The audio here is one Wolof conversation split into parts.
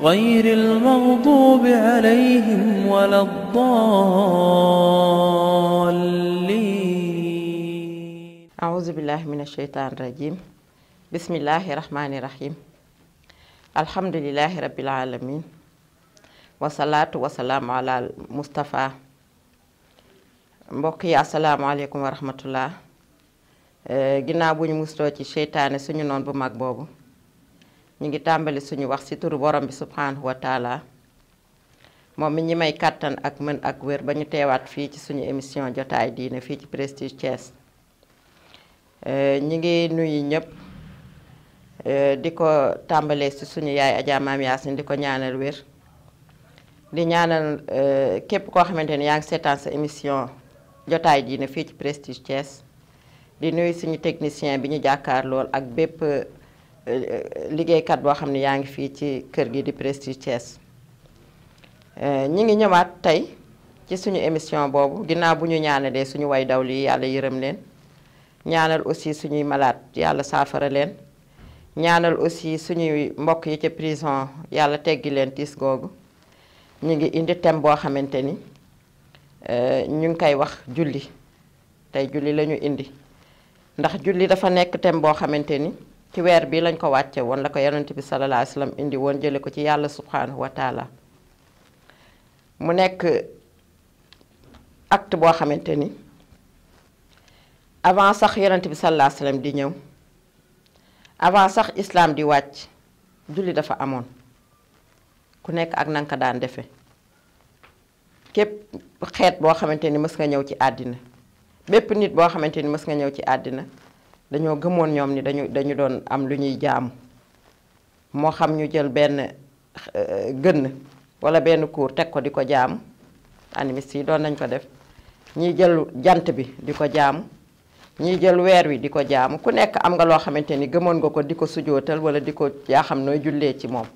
غير المغضوب عليهم ولا الضالين أعوذ بالله من الشيطان الرجيم بسم الله الرحمن الرحيم الحمد لله رب العالمين والصلاة والسلام على المصطفى مبقي السلام عليكم ورحمة الله ginnaaw مستوى الشيطان musloo ci seytaane ñu ngi tàmbali suñu wax si turu borom bi subhanahu wa taala moom mi ñi may kàttan ak mën ak wér ba ñu teewaat fii ci suñu émission jotaay diine fii ci Prestige Thiès ñi ngi nuyu ñëpp di ko tàmbalee ci suñu yaay Adja Mame di ko ñaanal wér di ñaanal eh, képp koo xamante ni yaa ngi seetaan émission jotaay diine fii ci Prestige Thiès di nuyu suñu technicien bi ñu jàkkaar lool ak bépp liggéeykat boo xam ne yaa ngi fii ci kër gi di Prestige Thiès euh, ñi ngi ñëwaat tey ci suñu émission boobu ginnaaw bu ñu ñaanalee suñu way daw lii yàlla yërëm leen ñaanal aussi suñuy malade yàlla saafara leen ñaanal aussi suñuy mbokk yi ca prison yàlla teggi leen tiis googu ñu ngi indi thème boo xamante ni euh, ñu ngi koy wax julli tey julli lañu indi ndax julli dafa nekk thème boo xamante ni ci weer bi lañ ko wàccee woon la ko yonent bi sallallahu alayhi indi woon jële ko ci yàlla subhanahu wa taala mu nekk acte boo xamante ni avant sax yonent bi sallallahu alayhi di ñëw avant sax islaam di wàcc julli dafa amoon ku nekk ak nanka daan defe képp xeet boo xamante ni mës nga ñëw ci àddina bépp nit boo xamante ni mës nga ñëw ci àddina dañoo gëmoon ñoom ni dañu dañu doon am lu ñuy jaamu moo xam ñu jël benn euh, gënn wala benn kuur teg ko di ko jaamu animiste doon nañ ko def ñii jël jant bi di ko jaamu ñii jël weer wi di ko jaamu ku nekk am nga loo xamante ni gëmoon nga ko di ko sujootal wala di ko yaa xam nooy jullee ci moom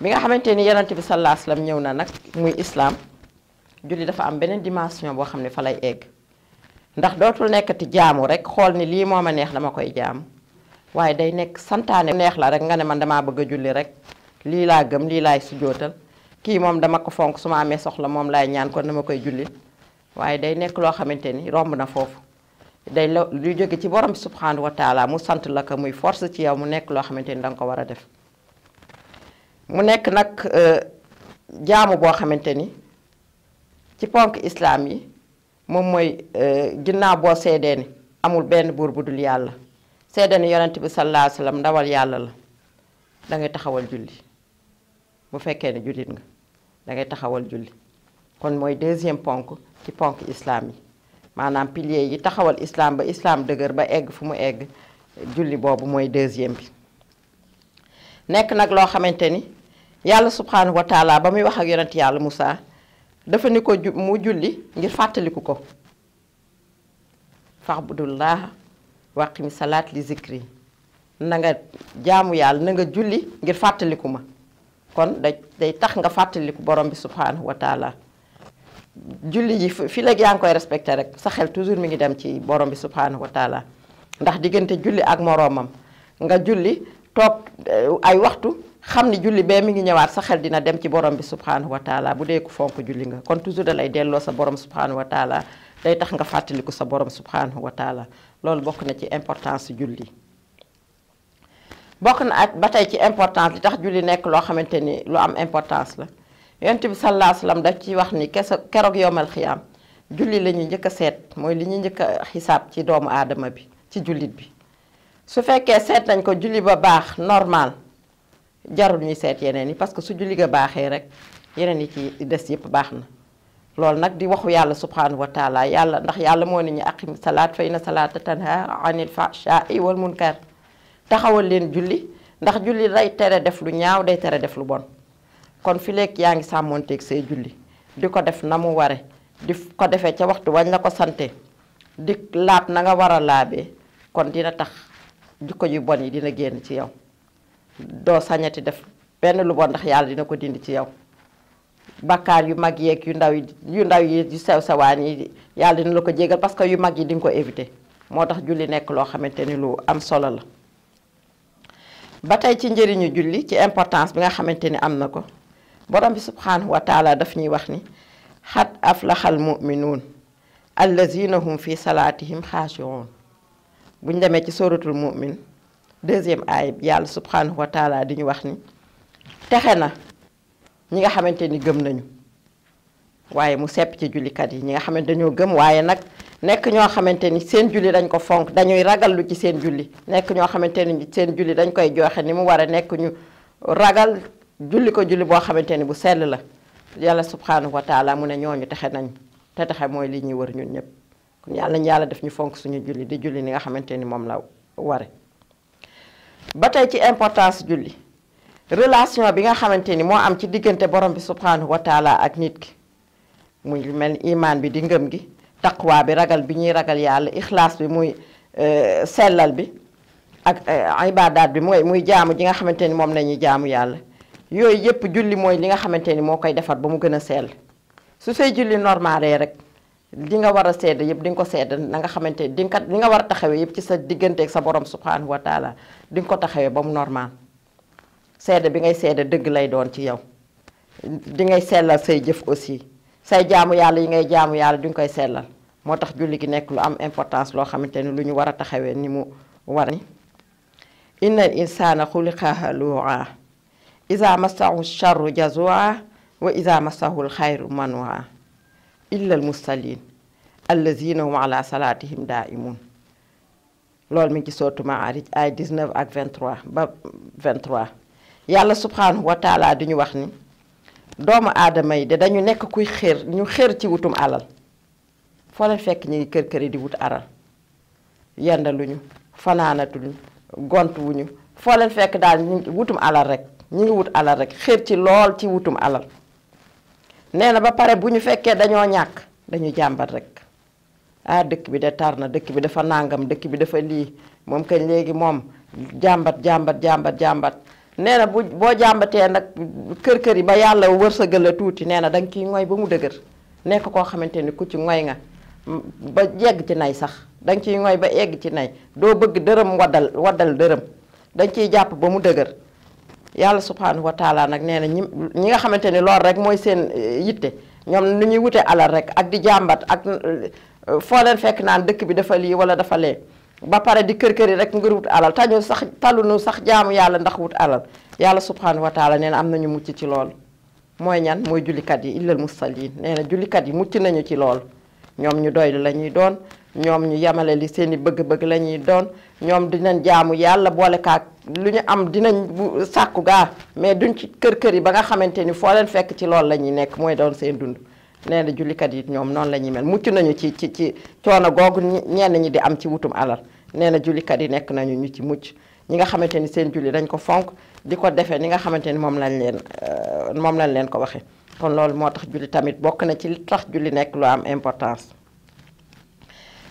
bi nga xamante ni yonent bi sallallahu alayhi ñëw na nag muy islaam julli dafa am beneen dimension boo xam ne fa lay egg ndax dootul nekkati jaamu rek xool ni lii moo ma neex dama koy jaam waaye day nekk santaane neex la rek nga ne man damaa bëgg a julli rek lii laa gëm lii laay sujootal kii moom dama ko fonk su ma amee soxla moom laay ñaan kon dama koy julli waaye day nekk loo xamante ni romb na foofu day la lu jóge ci borom subhanahu wa taala mu sant la ko muy force ci yow mu nekk loo xamante ni danga ko war a def mu nekk nag jaamu boo xamante ni ci ponk islam yi moom mooy euh, ginnaaw boo seedee ni amul benn buur bu dul yàlla seede ni yonent bi sallallahu alayhi ndawal yàlla la da ngay taxawal julli bu fekkee ne jullit nga da ngay taxawal julli kon mooy deuxième ponk ci ponk islam yi maanaam pilier yi taxawal islam ba islam dëgër ba egg fu mu egg julli boobu mooy deuxième bi nekk nag loo xamante ni yàlla subhanahu wa taala ba muy wax ak yonent yàlla Moussa dafa ni ko mu julli ngir fàttaliku ko fax bu dul faxbudullah waqimi salaat li zikri na nga jaamu yàlla na nga julli ngir fàttaliku ma kon da day tax nga fàttaliku borom bi subhanahu wa julli ji fi la yaa ngi koy respecté rek sa xel toujours mi ngi dem ci borom bi subhanahu wa ndax diggante julli ak moroomam nga julli toog eh, ay waxtu xamni julli be mi ngi ñëwaat sa xel dina dem ci borom bi subhanahu wa taala bu ku fonk julli nga kon toujours da lay delloo sa borom subhanahu wa taala day tax nga ko sa borom subhanahu wa taala loolu bokk na ci importance julli bokk na ak ci importance li tax julli nekk lo xamanteni lu am importance la yonent bi sallallahu alayhi wasallam da ci wax ni kese keroog yowmal khiyam julli lañu ñëk njëkk moy li ñu ñëk hisab ci doomu adama bi ci julit bi su fekke seet nañ ko julli ba bax normal jarul ñuy sét yenen yi parce que su julli baxé rek yenen yi ci dess yépp baxna na nak di waxu yalla subhanahu wa taala yalla ndax yalla mo nit ñi aqim salat fa inna salata tanha anil fahsha'i wal munkar taxawal leen julli ndax julli ray tere def lu ñaaw day tere def lu bon kon fi lek yaangi samonté ak sey julli di def namu waré di ko defé ci waxtu wañ la ko santé di laab na nga wara labé kon dina tax jikko yu bon yi dina génn ci yow doo sañati def benn lu bon ndax yàlla dina ko dindi ci yow bakkaar yu mag yeeg yu ndaw yu ndaw yi yu sew sewaan yi yàlla dina la ko jégal parce que yu mag yi dinga ko éviter moo tax julli nekk loo xamante ni lu am solo la ba tey ci njëriñu julli ci importance bi nga xamante ni am na ko borom bi subhanahu wa daf ñuy wax ni xat aflaxal muminuun allazina hum fi salaatihim xaashiuun buñ demee ci suratul mumin deuxième ay yàlla subhanahu wa taala di ñu wax ni texe na ñi nga xamante ni gëm nañu waaye mu sepp ci jullikat yi ñi nga xamante dañoo gëm waaye nag nekk ñoo xamante ni seen julli dañ ko fonk dañuy ragal ci seen julli nekk ñoo xamante ni seen julli dañ koy joxe ni mu war a nekk ñu ragal julli ko julli boo xamante ni bu sell la yàlla subhanahu wa taala mu ne ñooñu texe nañ te texe mooy li ñuy wër ñun ñëpp kon yàlla ñu yàlla def ñu fonk suñu julli di julli ni nga xamante ni moom la ware ba tey ci importance julli relation bi nga xamante ni moo am ci diggante borom bi subhanahu wa taala ak nit ki muy mel imaan bi di ngëm gi taqwa bi ragal bi ñuy ragal yàlla ixlaas bi muy euh, sellal bi ak euh, ibaadaat bi mooy muy jaamu ji nga xamante ni moom la ñuy jaamu yàlla yooyu yëpp julli mooy li nga xamante ni moo koy defar ba mu gën a sell su say julli normale rek li nga war a sedd yëpp di nga ko sedd nanga nga xamante di nga li nga war a taxawee yëpp ci sa digganteeg sa borom subhanahu wa taala di nga ko taxawee ba mu normal sedd bi ngay sedd dëgg lay doon ci yow di ngay sellal say jëf aussi say jaamu yàlla yi ngay jaamu yàlla di nga koy sellal moo tax julli gi nekk lu am importance loo xamante ni lu ñu war a taxawee ni mu war ni innal insana xuliqa halu'a iza massahu charru jazua wa iza massahu lxayru manua إلا المصلين الذين هم على صلاتهم دائمون لول من سورة معارج آية 19 أك 23 باب 23 يالا سبحانه وتعالى دي ني واخني دوم آدمي دي دانيو نيك كوي خير ني خير تي ووتوم علال فولا فيك ني كير كير دي ووت علال ياندالو ني فنانات ني غونت وني فولا فيك دا ني ووتوم علال رك ني ووت علال رك خير تي لول تي ووتوم علال nee na ba pare bu ñu fekkee dañoo ñàkk dañu jàmbat rek ah dëkk bi de tar na dëkk bi dafa nàngam dëkk bi dafa lii moom kañ léegi moom jàmbat jàmbat jàmbat jàmbat nee bu boo jàmbatee nag kër kër yi ba yàlla wërsëgal la tuuti nee na da ciy ngoy ba mu dëgër nekk koo xamante ni ku ci ngoy nga ba yegg ci nay sax da nga ciy ngoy ba egg ci nay doo bëgg dërëm waddal waddal dërëm da nga ciy jàpp ba mu dëgër yàlla subhanahu wa nag nee na ñi ñi nga xamante ni loolu rek mooy seen eh, yitte ñoom nu ñuy wute alal rek ak di jàmbat ak eh, foo leen fekk naan dëkk bi dafa lii wala dafa lee ba pare di kër kër yi rek ngir wut alal tañu sax nu sax jaamu yàlla ndax wut alal yàlla subhanahu wa taala nee na am nañu mucc ci lool mooy ñan mooy jullikat yi illal musalliin nee na jullikat yi mucc nañu ci lool ñoom ñu doylu la doon ñoom ñu yemale li seen i bëgg-bëgg la ñuy doon ñoom dinañ jaamu yàlla boole kaak lu ñu am dinañ bu sàkku gaa mais duñ ci kër-kër yi ba nga xamante ni foo leen fekk ci loolu la ñuy nekk mooy doon seen dund nee jullikat yi ñoom noonu la ñuy mel mucc nañu ci ci ci coono googu ñenn ñi di am ci wutum alal nee na jullikat yi nekk nañu ñu ci mucc ñi nga xamante ni seen julli dañ ko fonk di ko defee ni nga xamante ni moom lañ leen euh, moom lañ leen ko waxee kon loolu moo tax julli tamit bokk na ci li tax julli nekk lu am importance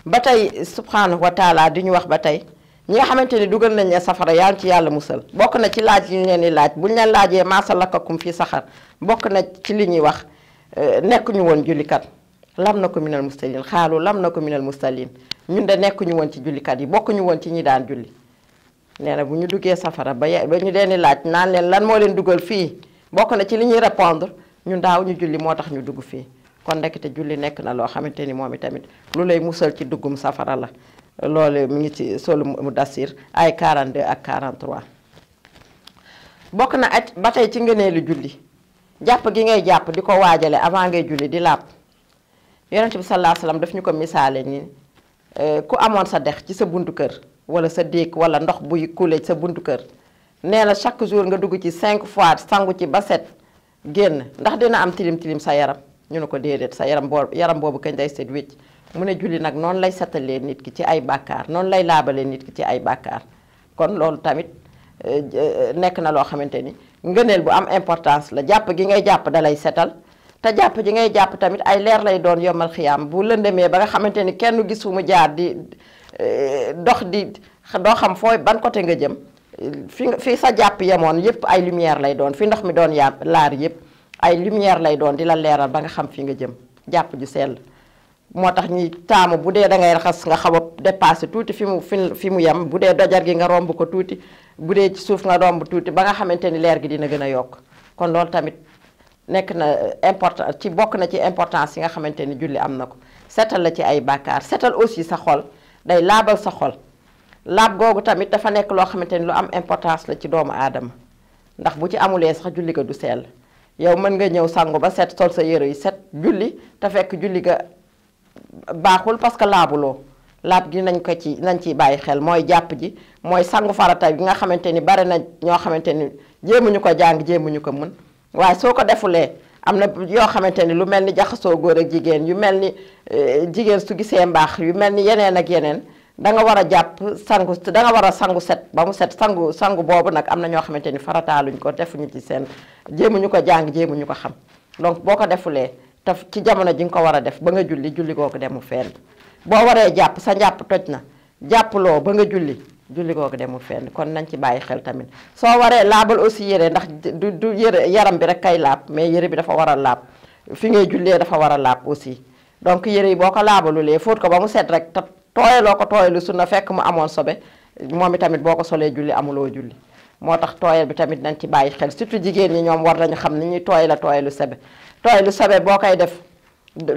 ba tey subhanahu wa taala di ñu wax ba tey ñi nga xamante ni dugal nañ ne safara yaa ngi ci yàlla musal bokk na ci laaj yi ñu leen laaj buñ leen laajee maasa lakkakum fii saxar bokk na ci li ñuy wax eh, nekk ñu woon jullikat lam na ko minal mustalin xaalu lam na ko minal mustalin ñun de nekk woon ci jullikat yi bokk woon ci ñi daan julli nee na bu ñu duggee safara ba ñu leen laaj naa leen lan moo leen dugal fii bokk na ci li ñuy répondre ñun daaw ñu julli moo tax ñu dugg fii kon te julli nek na lo xamanteni ni tamit itamit lu lay musal ci dugum safara la lolé mi ngi ci solu mu dasir ay 42 ak 43 bokk na ci ngëneelu julli japp gi ngay japp di wajale avant ngay julli di lap yonent bi sallallahu alayhi wasallam daf ñuko misale ni eh, ku amone sa dex ci sa buntu kër wala sa déeg wala ndox buy ci sa buntu kër chaque jour nga dugg ci 5 fois sangu ci basset génn ndax dina am tilim tilim sa yaram ñu ne ko déedéet sa yaram boo yaram boobu kañ day set wécc mu ne julli nag noonu lay setalee nit ki ci ay bàkkaar noonu lay laabalee nit ki ci ay bàkkaar kon loolu tamit eh, eh, nekk na loo xamante ni ngëneel bu am importance la jàpp gi ngay jàpp da lay setal te jàpp ji ngay jàpp tamit ay leer lay doon yombal xiyaam bu lëndemee ba nga xamante ni kenn gis jaar di eh, dox di doo xam foo ban côté nga jëm fi fi sa jàpp yemoon yëpp ay lumière lay doon fi ndox mi doon yàpp laar yëpp ay lumière lay doon di la leeral ba nga xam fi nga jëm jàpp ju sell moo tax ñuy taamu bu dee da ngay raxas nga xaw a dépassé tuuti fi mu fi mu yem bu dee dojar gi nga romb ko tuuti bu dee ci suuf nga romb tuuti ba nga xamante ni leer gi dina gën a yokk kon loolu tamit nekk na euh, important ci bokk na ci importance yi nga xamante ni julli am na ko setal la ci ay bàkkaar setal aussi sa xol day laabal sa xol laab googu tamit dafa nekk loo xamante ni lu am importance la ci doomu aadama ndax bu ci amulee sax julli du sell yow mën nga ñëw sangu ba set sol sa yére yu set julli te fekk julli ga baaxul parce que laabuloo laab gi nañ ko ci nañ ciy bàyyi xel mooy jàpp ji mooy sangu farata bi nga xamante ni bare nañ ñoo xamante ni jéemuñu ko jàng jéemuñu ko mën waaye soo ko defulee am na yoo xamante ni lu mel ni jaxasoo góor ak jigéen yu mel ni eh, jigéen su gisee mbaax yu mel ni yeneen ak yeneen da war a jàpp sangu da nga war a sangu set ba mu set sangu sangu boobu nag am na ñoo xamante ni farataaluñ ko defuñu ci seen jéemuñu ko jàng ñu ko xam donc boo ko defulee te ci jamono ji nga ko war a def ba nga julli julli googu demu fenn boo waree jàpp sa njàpp toj na jàppuloo ba nga julli julli googu demul fenn kon nañ ci bàyyi xel tamit soo waree laabal aussi yére ndax du du yére yaram bi rek kay laab mais yére bi dafa war a laab fi ngay jullee dafa war a laab aussi donc yére yi boo ko laabalulee fóot ko ba mu set rek tooyaloo ko tooyalu sunna fekk mu amoon sobe momi tamit boko solé julli amulo julli motax toyel bi tamit nanti ci bàyyi xel surtout jigen ñi ñom war lañu xam ni ñuy tooy la tooyalu sobe tooyalu sobe boo koy def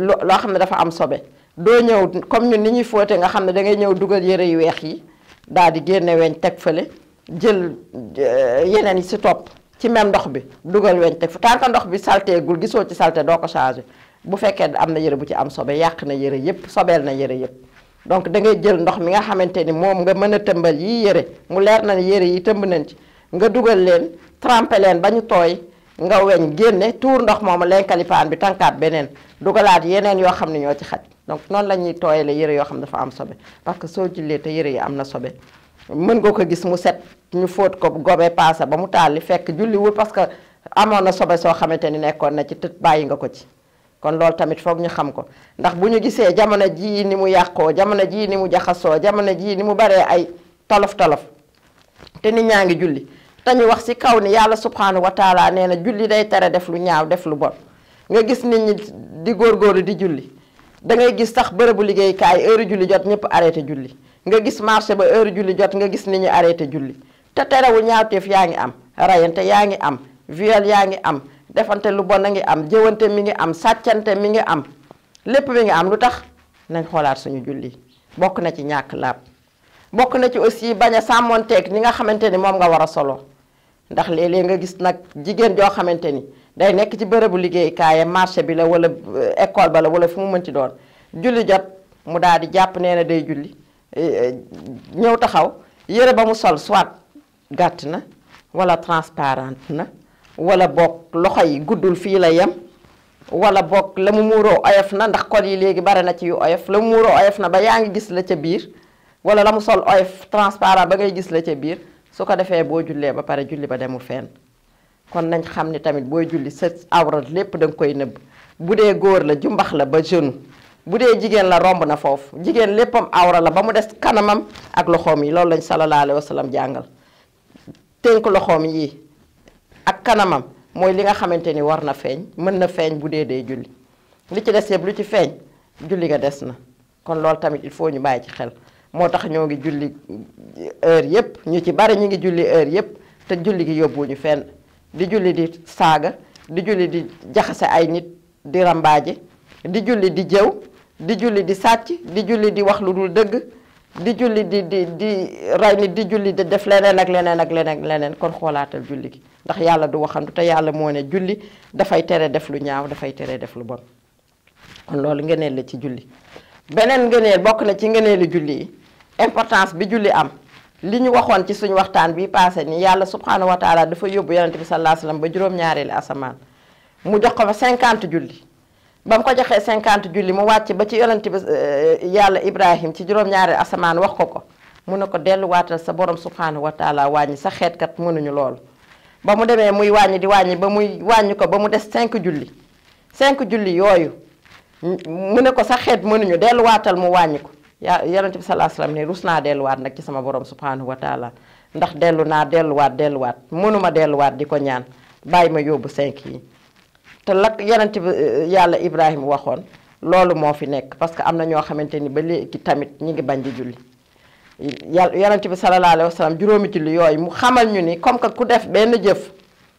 lo xam dafa am sobe do ñëw comme ñun ni ñi foté nga xam da ngay ñëw duggal yëre yu wex yi dal di génne weñ tek fële jël yenen yi si topp ci même ndox bi duggal weñ tek fa tant ndox bi salté gul gisoo ci salte do ko changer bu fekké am na yëre bu ci am sobe yak na yëre yëpp sobel na yëre yëpp donc dangay jël ndox mi nga xamante ni moom nga mën a tëmbal yi yére mu leer na ne yére yi tëmb nañ ci nga dugal leen trampe leen ba ñu tooy nga weñ génne tuur ndox moomu lenkalipaan bi tànkaat beneen dugalaat yeneen yoo xam ne ñoo ci xaj donc noonu la ñuy tooyale yére yoo xam ne dafa am sobe parce que soo jullee te yére yi am na sobe mën nga ko gis mu set ñu fóot ko gobe paase ba mu taal li fekk julliwul parce que amoon na sobe soo xamante ni nekkoon na ci te bàyyi nga ko ci kon loolu tamit foog ñu xam ko ndax bu ñu gisee jamono jii ni mu yàqoo jamono jii ni mu jaxasoo jamono jii ni mu baree ay tolof tolof te nit ñaa ngi julli te ñu wax ci kaw ni yàlla subhanahu wa nee na julli day tere def lu ñaaw def lu bon nga gis nit ñi di góorgóorlu di julli da ngay gis sax liggéey kaay heure julli jot ñëpp arrêté julli nga gis marché ba heure julli jot nga gis nit ñi arrêté julli te terewu ñaawteef yaa ngi am rayante yaa ngi am viol yaa ngi am defante lu bon nga am jëwante mi nga am satiante mi nga am lepp mi nga am lutax nañ xolaat suñu julli bok na ci ñak lab bok na ci aussi baña samonté ak ni nga xamanteni mom nga wara solo ndax léeg-léeg nga gis nak jigen jo xamanteni day nekk ci liggéey liggéeyukaayam marché bi la wala euh, école ba la wala fu mu ci doon julli jot mu daadi di jàpp day julli euh, euh, ñew taxaw yere ba mu sol soit gatt na wala transparente na wala bok loxo yi guddul fii la yem wala boog la mu muuroo oyof na ndax col yi léegi bare na ci yu oyof la mu muuroo oyof na ba yaa ngi gis la ca biir wala la mu sol oyof transparent ba ngay gis la ca biir su ko defee boo jullee ba pare julli ba demul fenn kon nañ xam ni tamit booy julli sa awra lépp da nga koy nëbb bu dee góor la jumbax la ba jeune bu dee jigéen la romb na foofu jigéen léppam awra la ba mu des kanamam ak loxoom yi loolu lañ sallallahu alayhi wa sallam jàngal tënk loxoom yi ak kanamam mooy li nga xamante ni war na feeñ mën na feeñ bu dee dee julli li ci des yëpp lu ci feeñ julli nga des na kon loolu tamit il faut ñu bàyyi ci xel moo tax ñoo ngi julli euh, heure yëpp ñu ci bari ñu ngi julli heure yëpp te julli gi yóbbu ñu fenn di julli di saaga di julli di jaxase ay nit di rambaaje di julli di jëw di julli di sàcc di julli di wax lu dul dëgg di julli di di di ray nit di julli di def leneen ak leneen ak leneen leneen kon xoolaatal julli gi ndax yàlla du waxantu te yàlla moo ne julli dafay tere def lu ñaaw dafay tere def lu bon kon loolu ngëneel la ci julli beneen ngëneel bokk na ci ngëneelu julli yi importance bi julli am li ñu waxoon ci suñu waxtaan bi passé ni yàlla subhanahu wa taala dafa yóbbu yonente bi sallallahu alayhi wasallam ba juróom-ñaareeli asamaan mu jox ko fa 50 julli ba mu ko joxee cinquante julli mu wàcc ba ci yonent bi eh, yàlla Ibrahim ci juróom-ñaari asamaan wax ko ko mu ne ko delluwaatal sa borom subhaanahu wa taala wàññi sa xeetkat mënuñu lool. ba mu demee muy wàññi di wàññi ba muy wàññi ko ba mu des cinq julli cinq julli yooyu mu ne ko sa xeet mënuñu delluwaatal mu wàññi ko yaa yonent bi salaa salaam ne rus naa delluwaat nag ci sama borom subhaanahu wa taala ndax dellu naa delluwaat delluwaat mënuma delluwaat di ko ñaan bàyyi ma yóbbu cinq yi. te lak yonent bi eh, yàlla Ibrahima waxoon loolu moo fi nekk parce que am na ñoo xamante ni ba léegi tamit ñi ngi bañ di julli ya yonent bi sallallahu alayhi wa sallam juróomi julli yooyu mu xamal ñu ni comme que ku def benn jëf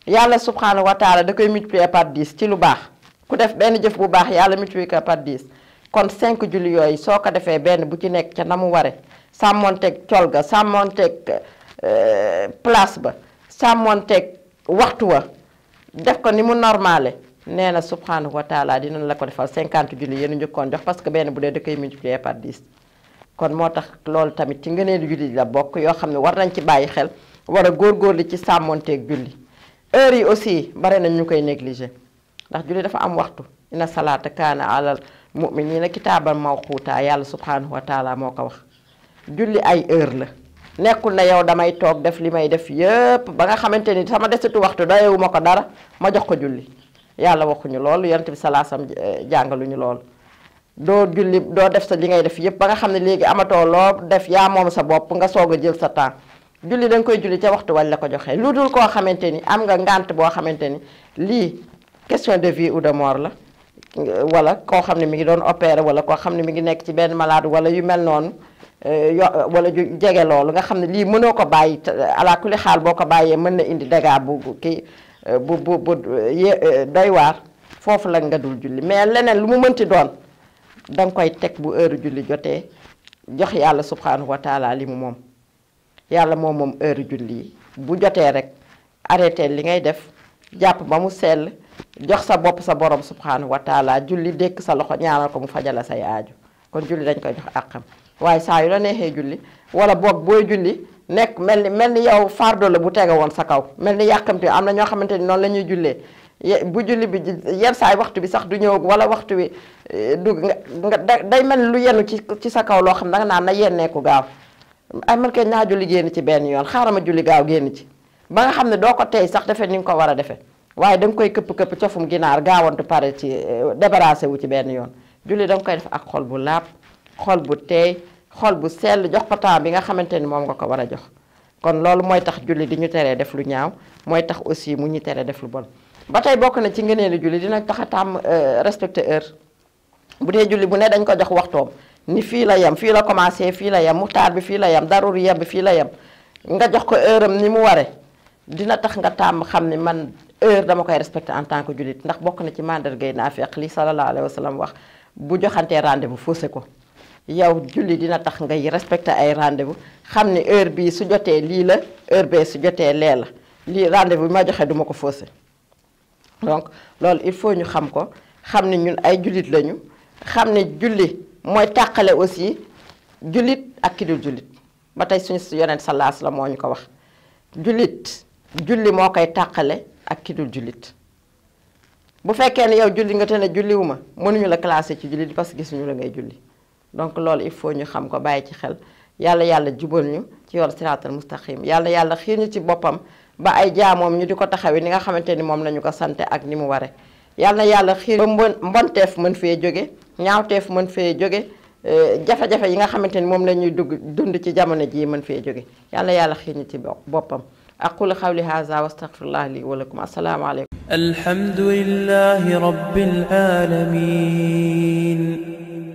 yàlla subhanahu wa taala da koy multiplier par 10 ci lu baax ku def benn jëf bu baax yàlla multiplier par 10 kon 5 julli yooyu soo ko defee benn bu ci nekk ca na mu ware sàmmonteeg col ga sàmmonteeg eh, place ba sàmmonteeg waxtu wa def ko ni mu normale nee na subhanahu wa taala dinañ la ko defal cinquante julli yéen njëkkoon jox parce que benn bu dee da koy multiplier par dix. kon moo tax loolu tamit ci ngëneelu julli la bokk yoo xam ne war nañ ci bàyyi xel war a góor góor góorgóorlu ci sàmmonteeg julli heure yi aussi bare nañ ñu koy négliger ndax julli dafa am waxtu inna salaata kaana mu nii alal mu'minina kitaaban mawquuta yàlla subhanahu wa taala moo ko wax julli ay heure la nekkul na yow damay toog def li may def yépp ba nga xamante ni sama desitu waxtu doyewu ma ko dara ma jox ko julli yàlla waxuñu loolu yant bi salaasam eh, jàngaluñu loolu doo julli doo def sa li ngay def yëpp ba nga xam ne léegi amatoo loo def yaa moom sa bopp nga soog a jël sa temps julli da nga koy julli ca waxtu wañ la ko joxee lu dul koo xamante ni am nga ngànt boo xamante ni lii question de vie ou de mort la wala koo xam ne mi ngi doon opéré wala koo xam ne mi ngi nekk ci benn malade wala yu mel noonu eh, yo wala ju jege loolu nga xam ne lii mënoo ko bàyyi alaa kulli xaal boo ko bàyyee mën na indi dégâts bu kii Eh, bu bu bu eh, eh, doy waar foofu la nga dul julli mais leneen lu mu mënti doon danga koy teg bu heure julli jotee jox yàlla subhanahu wa li mu moom yàlla moom moom heure julli yi bu jotee rek arrêté li ngay def jàpp ba mu sell jox sa bopp sa borom subhanahu wa julli dékk sa loxo ñaanal ko mu fajala say aaju kon julli dañ koy jox àqam waaye saa yu la neexee julli wala boog booy julli nekk mel ni mel ni yow fardo la bu tege woon sa kaw mel ni yàqamte am na ñoo xamante ni noonu la ñuy jullee bu julli bi yenn saay waxtu bi sax du ñëw wala waxtu bi eh, du nga day mel lu yenu ci ci sa kaw loo xam da nga naan na yenneeku gaaw ay man kay naa julli génn ci benn yoon xaaral ma julli gaaw ci ba nga xam ne doo ko tey sax defee ni nga ko war a defee waaye da koy këpp-këpp cofum ginaar gaawantu pare ci eh, débarrassé wu ci benn yoon julli da koy def ak xol bu laab xol bu teey xol bu sell jox ko temps bi nga xamante ni moom nga ko war a jox kon loolu mooy tax julli di ñu teree def lu ñaaw mooy tax aussi mu ñu teree def lu bon ba tey bokk na ci ngeneen julli dina tax a tàmm euh, respecté heure bu dee julli bu ne dañ ko jox waxtoom ni fii la yem fii la commencé fii la yem muxtaar bi fii la yem daruri yem bi fii la yem nga jox ko heure am ni mu waree dina tax nga tàmm xam ni man heure dama koy respecté en tant que jullit ndax bokk na ci mandargay naafeq li sallallahu alayhi wa sallam wax bu joxantee rendez-vous faussé ko yow julli dina tax ngay respecté ay rendez-vous xam ni heure bii su jotee lii la heure bee su jotee lee la lii rendez-vous bi ma joxe duma ko faussé donc loolu il faut ñu xam ko xam ni ñun ay jullit lañu xam ni julli mooy tàqale aussi jullit ak ki dul jullit ba tey suñu sa salaas la moo ñu ko wax jullit julli moo koy tàqale ak ki dul jullit bu fekkee ne yow julli nga te ne julliwu ma mënuñu la classé ci jullit parce que gisuñu la ngay julli donc loolu il faut ñu xam ko bàyyi ci xel yàlla yàlla jubal ñu ci yoon siraatal mustaqim yàlla yàlla xiir ñu ci boppam ba ay jaamoom ñu di ko taxawee ni nga xamante ni moom lañu ko sante ak ni mu ware yàlla yàlla xiir ba mbonteef mën fee jóge ñaawteef mën fee jóge jafe-jafe yi nga xamante ni moom la ñuy dugg dund ci jamono jii mën fee jóge yàlla yàlla xiir ñu ci boppam aqulu xawli haza wa astaghfirullah li wa lakum assalaamu aleykum alhamdulillahi rabbil alamin